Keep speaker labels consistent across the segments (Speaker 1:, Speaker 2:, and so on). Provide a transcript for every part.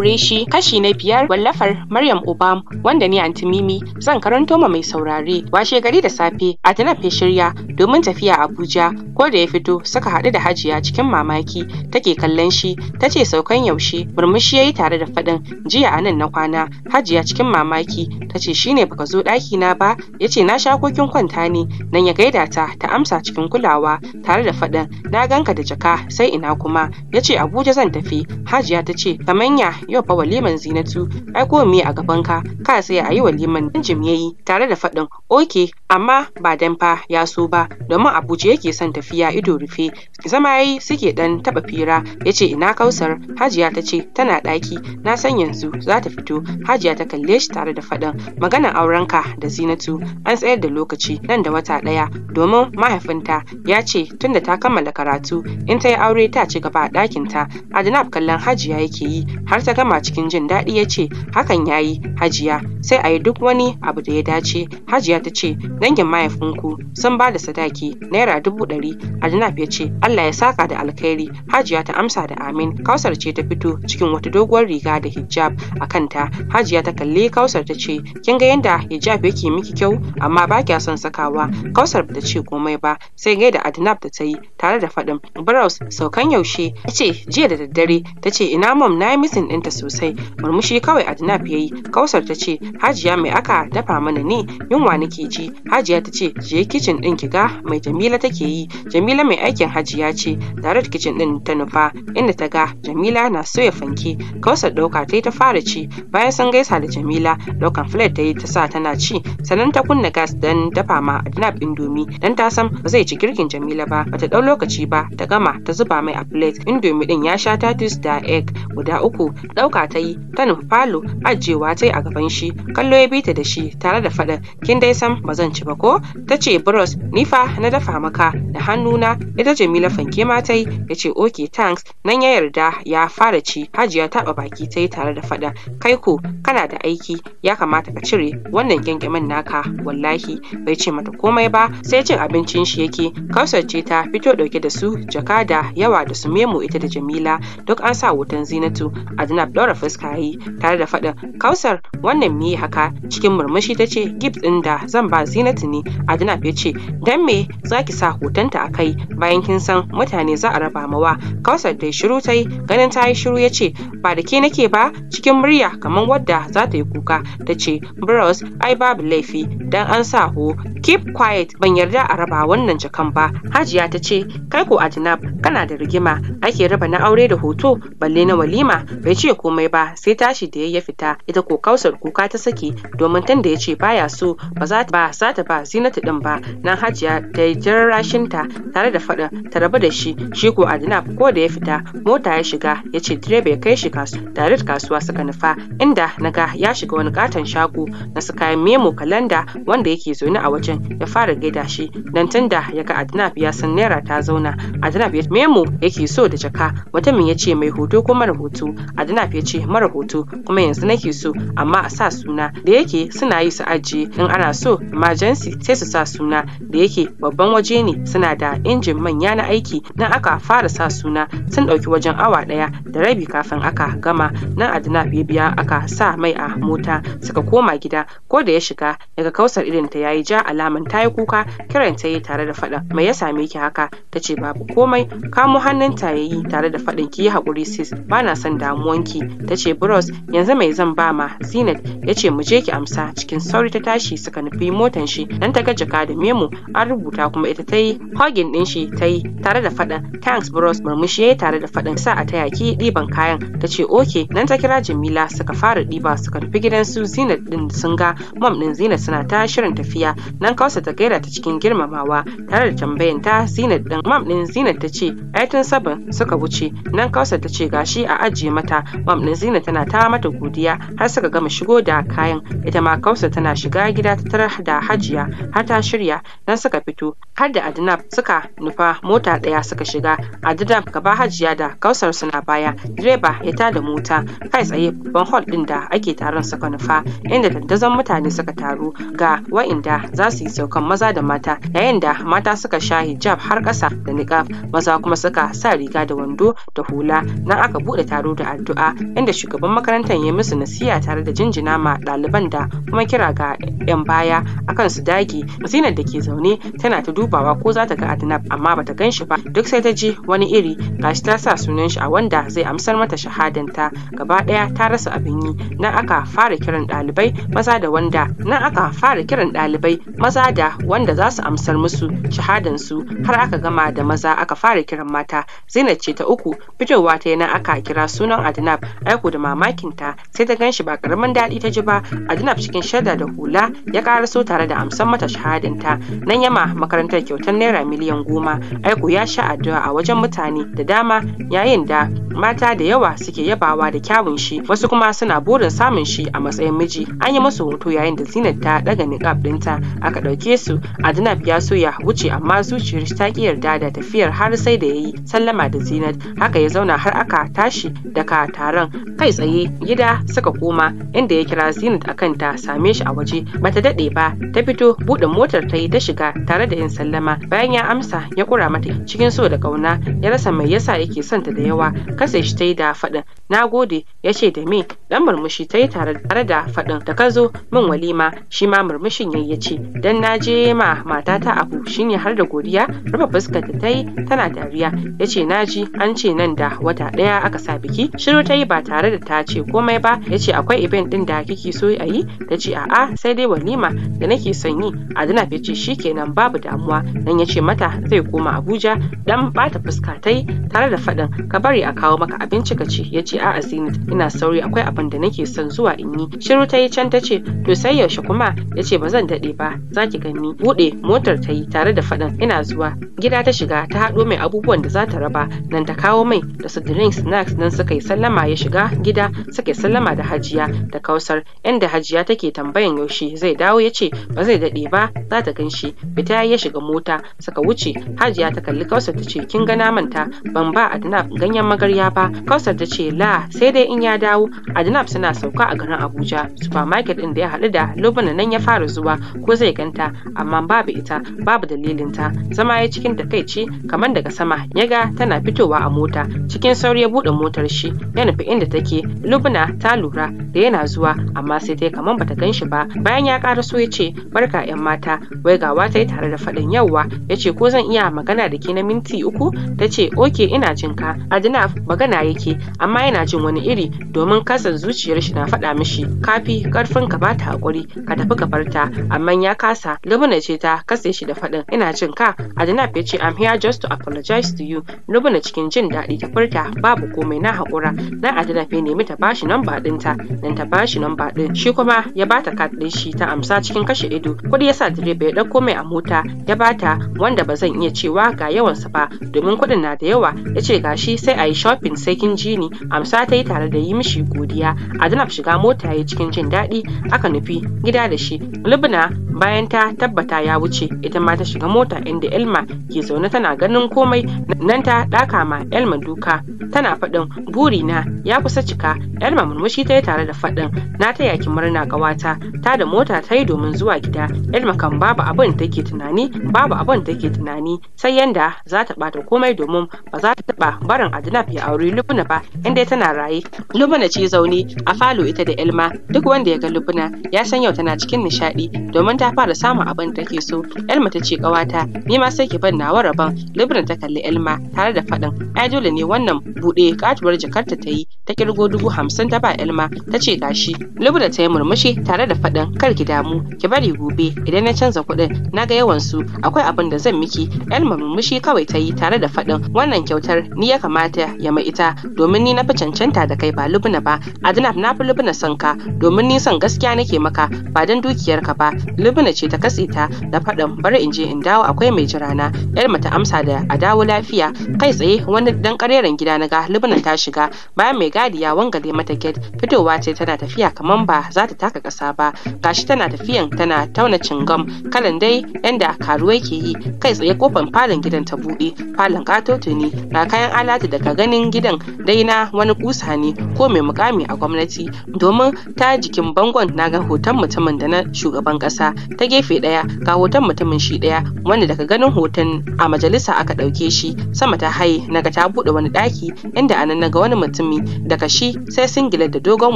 Speaker 1: aure shi kashi na biyar wallafar Maryam Obam wanda ni Antimimi zan karanto ma mai saurare washe gari da safe a fe shirya domin tafiya Abuja ko da ya fito suka haɗu da Hajiya cikin mamaki take kallon shi tace saukan yaushe murmushi yayi tare da faɗin jiya anan na kwana Hajiya cikin mamaki tace shine baka zo ɗaki na ba yace na sha kokin kwanta ne nan ya gaida ta ta amsa cikin kulawa tare da faɗin na ganka da jaka sai ina kuma yace Abuja zan tafi Hajiya tace kamanya yau fa waliman zinatu ai ko me a gaban ka ka sai a yi waliman dan jim yayi tare da faɗin oke amma ba dan fa ya so ba domin abuja yake son tafiya ido rufe zama yayi suke dan taba fira yace ina kausar hajiya ta ce tana daki. na san yanzu za ta fito hajiya ta kalle shi tare da faɗin maganar aurenka da zinatu an tsayar da lokaci nan da wata ɗaya domin mahaifinta ya ce tunda ta kammala karatu in ta yi aure ta ci gaba a ɗakinta adinab kallon hajiya yake yi har ta gama cikin jin daɗi ya ce hakan ya yi hajiya sai a yi duk wani abu da ya dace hajiya ta ce dangin mahaifinku sun ba da sadaki naira dubu ɗari adnaf ya ce allah ya saka da alkhairi hajiya ta amsa da amin kausar ce ta fito cikin wata doguwar riga da hijab a kanta hajiya ta kalli kausar ta ce kin ga yadda hijab yake miki kyau amma ba kya son sakawa kausar ba ta ce komai ba sai gaida adnaf da ta yi tare da faɗin braus saukan yaushe ya ce jiya da daddare ta ce ina mom na yi misin ɗinta da sosai murmushi kawai adnab ya yi kausar ta ce hajiya mai aka dafa mana ne yunwa nake ji hajiya ta ce je kicin din ki ga mai jamila take yi jamila mai aikin hajiya ce tare da kicin din ta nufa inda ta ga jamila na soya fanke kausar dauka ta yi ta fara ci bayan sun gaisa da jamila daukan filet ta yi ta sa tana ci sannan ta kunna gas dan dafa ma adnab indomi dan ta san ba zai ci girkin jamila ba bata dau lokaci ba ta gama ta zuba mai a plate indomi din ya sha tatus da egg guda uku ɗauka ta yi ta nufi falo ajiyewa ta yi a gaban shi kallo ya bita da shi tare da faɗin kin dai san ba zan ci ba ko ta ce bros ni na dafa maka da hannuna ita jamila fanke ma ta yi ya ce ok thanks nan ya yarda ya fara ci hajiya ta taɓa baki ta yi tare da faɗa kai ko kana da aiki ya kamata ka cire wannan kyankyamin naka wallahi bai ce mata komai ba sai cin abincin shi yake kausar ce ta fito ɗauke da su jaka da yawa da su memo ita da jamila duk an sa hoton zinatu adana ɗora fuska yi tare da faɗin kausar wannan me haka cikin murmushi ta ce gif ɗin da zan ba zinatu ne adinab ya ce don me za ki sa hotonta a kai bayan kin san mutane za a raba mawa kausar da shiru ta yi ganin ta yi shiru ya ce ba da ke nake ba cikin murya kamar wadda za ta yi kuka ta ce bros ai babu laifi dan an sa ho keep quiet ban yarda a raba wannan jakan ba hajiya ta ce kai ko adinab kana da rigima ake raba na aure da hoto balle na walima bai ce komai ba sai tashi da ya fita ita ko kausar kuka ta saki domin tun da ya ce baya so ba za ta ba za ta ba zinatu din ba nan hajiya ta yi rashin ta tare da faɗin ta rabu da shi shi ko adina ko da ya fita mota ya shiga ya ce direba ya kai shi tare da kasuwa suka nufa inda naga ya shiga wani katon shago na su kayan memo kalanda wanda yake zaune a wajen ya fara gaida shi dan tun da ya ga adina ya san naira ta zauna adina ya memo yake so da jaka mutumin ya ce mai hoto kuma rubutu adina Zainab ce mara hoto kuma yanzu nake so amma a sa suna da yake suna yi su ajiye in ana so emergency sai su sa suna da yake babban waje ne suna da injin manya na aiki nan aka fara sa suna sun ɗauki wajen awa ɗaya da rabi kafin aka gama nan Adina ya biya aka sa mai a mota suka koma gida ko da ya shiga daga kausar irin ta yayi ja alaman tayi kuka kiran ta yi tare da faɗa mai ya same ki haka ta ce babu komai kamo hannun ta yayi tare da faɗin ki yi haƙuri sis bana son damuwanki ta ce bros yanzu mai zan ba ma zinat ya ce mu je ki amsa cikin sauri ta tashi suka nufi motan shi dan ta ga jaka da memo an rubuta kuma ita ta yi hogin din shi ta yi tare da faɗin thanks bros murmushi ya yi tare da faɗin sa a taya ki ɗiban kayan ta ce ok nan ta kira jamila suka fara ɗiba suka nufi gidan su zinat din sun ga mom din zinat suna ta shirin tafiya nan kausa ta gaira ta cikin girmamawa tare da tambayan ta zinat din mom din zinat ta ce ai tun saban suka wuce nan kausa ta ce gashi a ajiye mata mam din tana ta mata godiya har suka gama shigo da kayan ita ma kausa tana shiga gida ta tarar da hajiya har ta shirya dan suka fito har da adinab suka nufa mota daya suka shiga adinab gaba hajiya da kausar suna baya direba ya da mota kai tsaye babban hall din da ake taron suka nufa inda dandazon mutane suka taru ga wa'inda za su yi saukan maza da mata yayin da mata suka sha hijab har ƙasa da niqab maza kuma suka sa riga da wando da hula nan aka bude taro da addu'a inda shugaban makarantar ya musu nasiya tare da jinjina ma ɗaliban da kuma kira ga 'yan baya akan su dage zinar da ke zaune tana ta dubawa ko za ta ga adnab amma bata gan shi ba duk sai ta ji wani iri gashi ta sa sunan shi a wanda zai amsar mata shahadanta gaba ɗaya ta rasa abin yi nan aka fara kiran ɗalibai maza da wanda nan aka fara kiran ɗalibai maza da wanda za su amsar musu shahadan su har aka gama da maza aka fara kiran mata zinat ce ta uku fitowa ta yi nan aka kira sunan adnab aiko da mamakinta sai ta ganshi ba karamin daɗi ta ji ba a cikin shaida da hula ya karaso tare da amsan mata shahadinta nan yama makarantar kyautar naira miliyan goma aiko ya sha addu'a a wajen mutane da dama yayin da mata da yawa suke yabawa da kyawun shi wasu kuma suna burin samun shi a matsayin miji an yi musu hoto yayin da zinar ta daga niqab ɗinta aka ɗauke su adinab ya so ya wuce amma zuciyar ta ki yarda da tafiyar har sai da ya yi sallama da zinar. haka ya zauna har aka tashi daga tare labaran kai tsaye gida suka koma inda ya kira zinat a ta same shi a waje bata daɗe ba ta fito buɗe motar ta yi ta shiga tare da yin sallama bayan ya amsa ya kura mata cikin so da ƙauna ya rasa mai yasa yake son ta da yawa kasa shi ta yi da faɗin na gode ya ce da me dan murmushi ta yi tare da faɗin da ka zo min walima shi ma murmushin ya ce dan na je ma matata abu shine har da godiya rufe fuskar ta yi tana dariya ya ce na ji an ce nan da wata ɗaya aka sa biki shiru ta yi yi ba tare da ta ce komai ba ya ce akwai event din da kike so a yi ta ce a'a sai dai walima da nake son yi a adana ya ce shikenan babu damuwa nan ya ce mata zai koma abuja dan bata fuska ta yi tare da faɗin ka bari a kawo maka abinci ka ce ya ce a'a zinit ina sauri akwai abin da nake son zuwa in yi shiru ta yi can ta ce to sai yaushe kuma ya ce ba zan daɗe ba za ki gani buɗe motar ta yi tare da faɗin ina zuwa gida ta shiga ta haɗo mai abubuwan da za ta raba nan ta kawo mai da su drinks snacks nan suka yi sallama ya shiga gida suke sallama da hajiya da kausar inda hajiya take tambayan yaushe zai dawo ya ce ba zai daɗe ba za ta gan shi fita ya shiga mota suka wuce hajiya ta kalli kausar ta ce kin gana manta ban ba adnab ganyen magarya ba kausar ta ce la sai dai in ya dawo adnab suna sauka a garin abuja supermarket din da ya haɗu da lubuna nan ya fara zuwa ko zai ganta amma babu ita babu dalilinta zama ya cikin takaici kamar daga sama ya ga tana fitowa a mota cikin sauri ya buɗe motar shi ya nufi nufi inda take lubna ta lura da yana zuwa amma sai ta kamar bata gan shi ba bayan ya karaso ya ce barka yan mata wai gawa ta yi tare da faɗin yauwa ya ce ko zan iya magana da ke na minti uku ta ce oke ina jin ka adinaf magana yake amma yana jin wani iri domin kasan zuciyar shi na faɗa mishi kafi karfin ka bata hakuri ka tafi ka barta amma ya kasa lubna ce ta kasa shi da faɗin ina jin ka adinaf ya ce i'm here just to apologize to you lubna cikin jin daɗi ta furta babu komai na hakura na na Adelafe nemi ta bashi namba ta dan ta bashi namba ɗin shi kuma ya bata kat ɗin shi ta amsa cikin kashe ido kuɗi yasa direba ya ɗauko mai a mota ya bata wanda ba zan iya cewa ga yawansa ba domin kuɗin na da yawa ya ce gashi sai ayi yi shopping sai kin ji ni amsa ta yi tare da yi mishi godiya Adanab shiga mota ya cikin jin daɗi aka nufi gida da shi Lubna bayan ta tabbata ya wuce ita ma ta shiga mota inda Elma ke zaune tana ganin komai nan ta ɗaka ma Elma duka tana faɗin burina ya kusa cika yar murmushi ta yi tare da faɗin na taya yaki murna ƙawata ta da mota ta yi domin zuwa gida yar kan babu abin da take tunani babu abin da take tunani sai yanda za ta ɓata komai domin ba za ta taɓa barin adinab ya auri lubuna ba inda tana raye lubuna ce zaune a falo ita da 'Ilma. duk wanda ya ga lubuna ya san yau tana cikin nishadi. domin ta fara samun abin da take so elma ta ce ƙawata ni ma sai ki ban nawa rabon lubuna ta kalli 'Ilma' tare da faɗin ai dole ne wannan buɗe katuwar jakarta ta yi ta kirgo dubu hamsin ta ba Elma ta ce gashi Lubna ta yi murmushi tare da faɗin kar ki damu ki bari gobe idan na canza kuɗin na ga yawan su akwai abin da zan miki Elma murmushi kawai ta yi tare da faɗin wannan kyautar ni ya kamata ya mai ita domin ni na fi cancanta da kai ba Lubna ba Adnab na fi Lubna son ka domin ni son gaskiya nake maka ba dan ka ba Lubna ce ta katse ta da faɗin bari in je in dawo akwai mai jirana Elma ta amsa da a dawo lafiya kai tsaye wani dan kareren gida na ga Lubna ta shiga bayan mai gadi ya wangale mata get fitowa ce tana tafiya kamar ba za ta taka ƙasa ba gashi tana tafiyan tana tauna cingam kalan dai yanda karuwai ke yi kai tsaye kofar falon gidan ta buɗe falon ƙatoto ne ga kayan alatu daga ganin gidan dai na wani ƙusa ne ko mai mukami a gwamnati domin ta jikin bangon na ga hoton mutumin da na shugaban ƙasa ta gefe ɗaya ga hoton mutumin shi ɗaya wanda daga ganin hoton a majalisa aka ɗauke shi sama ta haye naga ta buɗe wani ɗaki inda na ga wani mutumi daga shi sai singila da dogon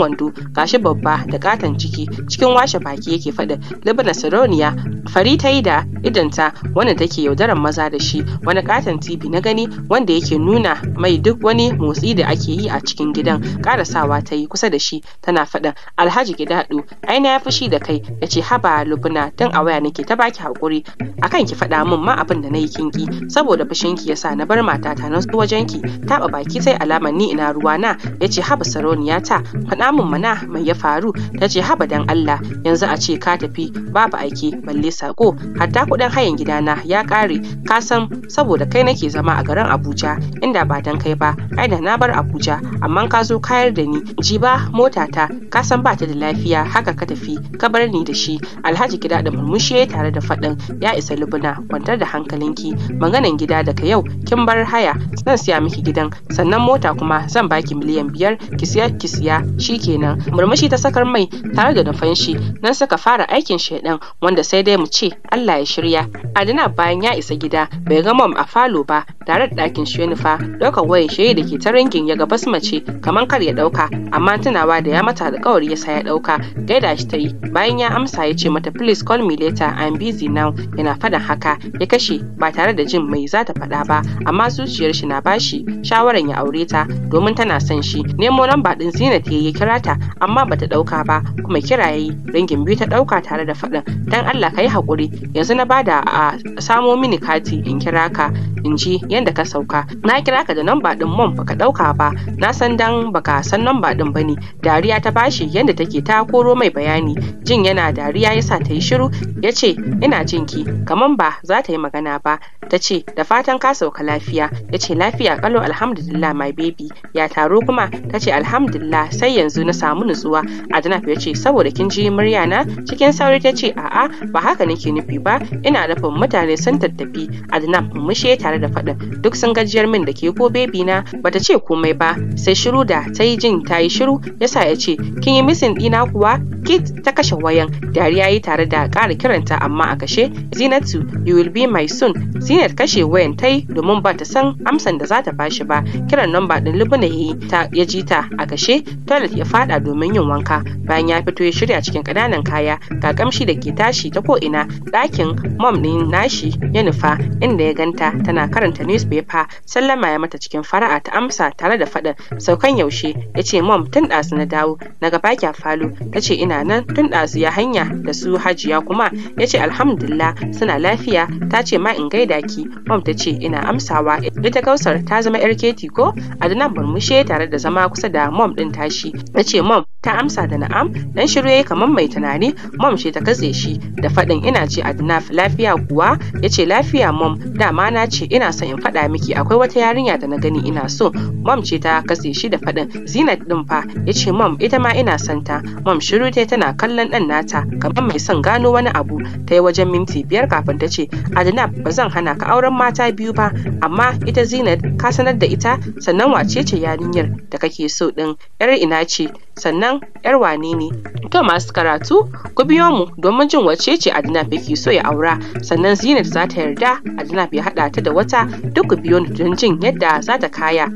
Speaker 1: wando gashi babba da katon ciki cikin washe baki yake faɗin libna Sirauniya fari ta yi da idanta wanda take yaudaran maza da shi wani katon tv na gani wanda yake nuna mai duk wani motsi da ake yi a cikin gidan karasawa ta yi kusa da shi tana faɗin alhaji gidadu aina ya fushi da kai ya ce haba lubna tun a waya nake ta baki haƙuri akan ki faɗa min ma abin da na yi kinki saboda fushinki yasa na bar matata na wajenki taɓa baki sai alamar ni ina ruwa na ya ce haba sarauniya ta faɗa min mana mai ya faru ta ce haba dan Allah yanzu a ce ka tafi babu aiki balle sako hatta kuɗin hayan gidana ya ƙare ka san saboda kai nake zama a garin Abuja inda ba dan kai ba ai da na bar Abuja amma ka zo kayar da ni jiba motata ka san ba ta da lafiya haka ka tafi ka bar ni da shi Alhaji gida da murmushi tare da faɗin ya isa lubuna kwantar da hankalinki maganan gida daga yau kin bar haya zan siya miki gidan sannan mota kuma zan baki miliyan miliyan biyar kisiya kisiya shi kenan. murmushi ta sakar mai tare da nufan shi nan suka fara aikin shaidan wanda sai dai mu ce Allah ya shirya adana bayan ya isa gida bai ga mom a falo ba tare da ɗakin shi nufa ɗaukar waye shi da ke ta ringin ya ga mace kamar kar ya ɗauka amma tunawa da ya mata da kawari ya sa ya ɗauka gaida shi ta yi bayan ya amsa ya ce mata please call me later I'm busy now yana faɗan haka ya kashe ba tare da jin mai za ta faɗa ba amma zuciyar shi na bashi shawaran ya aure ta domin tana son shi nemo lamba ɗin zinat ya kira ta amma bata ɗauka ba kuma kira yayi dangin biyu ta ɗauka tare da faɗin dan Allah ka yi hakuri yanzu na bada a samo mini kati in kira ka in ji yadda ka sauka na kira ka da namba ɗin mom baka ɗauka ba na san dan baka san namba ɗin bane dariya ta bashi yadda take ta koro mai bayani jin yana dariya yasa ta yi shiru ya ce ina ki? kaman ba za ta yi magana ba ta ce da fatan ka sauka lafiya ya ce lafiya kalau alhamdulillah my baby ya taro kuma kuma ta ce alhamdulillah sai yanzu na samu nutsuwa Adanaf ya ce saboda kin ji murya na cikin sauri ta ce a'a ba haka nake nufi ba ina dafa mutane sun tattafi Adanaf mushe tare da faɗin duk sun gajiyar min da ke ko bebi na bata ce komai ba sai shiru da ta yi jin ta yi shiru yasa ya ce kin yi misin ɗina kuwa Kit ta kashe wayan dariya yi tare da ƙara kiranta amma a kashe Zinatu you will be my son Zinat kashe wayan ta yi domin ba ta san amsan da za ta bashi ba kiran namba ɗin ya yi ya ji ta a kashe toilet ya faɗa domin yin wanka bayan ya fito ya shirya cikin ƙananan kaya ga kamshi da ke tashi ta ko ina ɗakin mom ɗin nashi ya nufa inda ya ganta tana karanta newspaper sallama ya mata cikin fara'a ta amsa tare da faɗin saukan yaushe ya ce mom tun ɗazu na dawo na gaba kya falo ta ce ina nan tun ɗazu ya hanya da su hajiya kuma ya ce alhamdulillah suna lafiya ta ce ma in gaida ki mom ta ce ina amsawa ita kausar ta zama yar keti ko adnan murmushe tare tare da zama kusa da mom din tashi na ce mom ta amsa da na'am dan shiru yayi kamar mai tunani mom ce ta katse shi da faɗin ina ce adnaf lafiya kuwa Yace lafiya mom dama na ce ina son in faɗa miki akwai wata yarinya da na gani ina so mom ce ta katse shi da faɗin zinat din fa yace mom ita ma ina son ta mom shiru ta tana kallon ɗan nata kamar mai son gano wani abu ta wajen minti biyar kafin ta ce adnaf ba zan hana ka auren mata biyu ba amma ita zinat ka sanar da ita sannan wace ce yarinyar da kake so ɗin ‘yar ina ce sannan ‘yar wane ne. To masu karatu ku biyo mu domin jin wace ce Adinaf yake so ya aura sannan Zinat za ta yarda Adinaf ya haɗa ta da wata duk ku biyo don jin yadda za ta kaya.